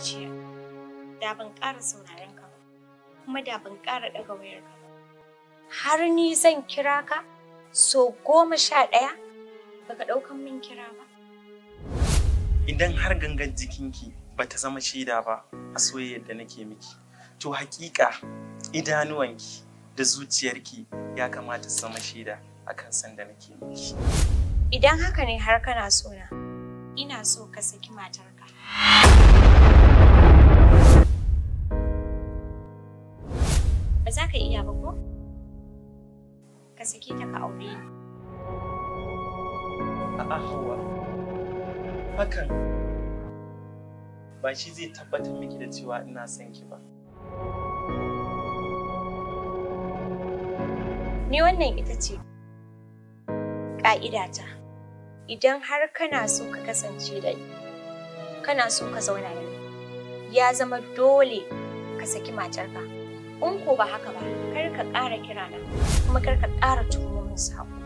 zuciya da ban ƙara sauraron ka ba kuma da ban ƙara ɗaga wayar ka ba har ni zan kira ka so goma sha ɗaya baka ɗaukan min kira ba idan har gangan jikinki bata zama shaida ba a soyayyar da nake miki to haƙiƙa idanuwanki da zuciyarki ya kamata su zama shaida akan san da nake miki idan haka ne har kana sona ina so ka saki matarka Ba za ka iya ba ko? Ka sake ta ka aure A'a Hauwa, hakan ba shi zai tabbatar miki da cewa ina son ki ba. Ni wannan ita ce ƙa'idata. Idan har kana so ka kasance da ni, kana so ka zauna da ni, ya zama dole ka saki matarka. in ko ba haka ba kar ka ƙara kirana kuma kar ka ƙara tuhumomin sako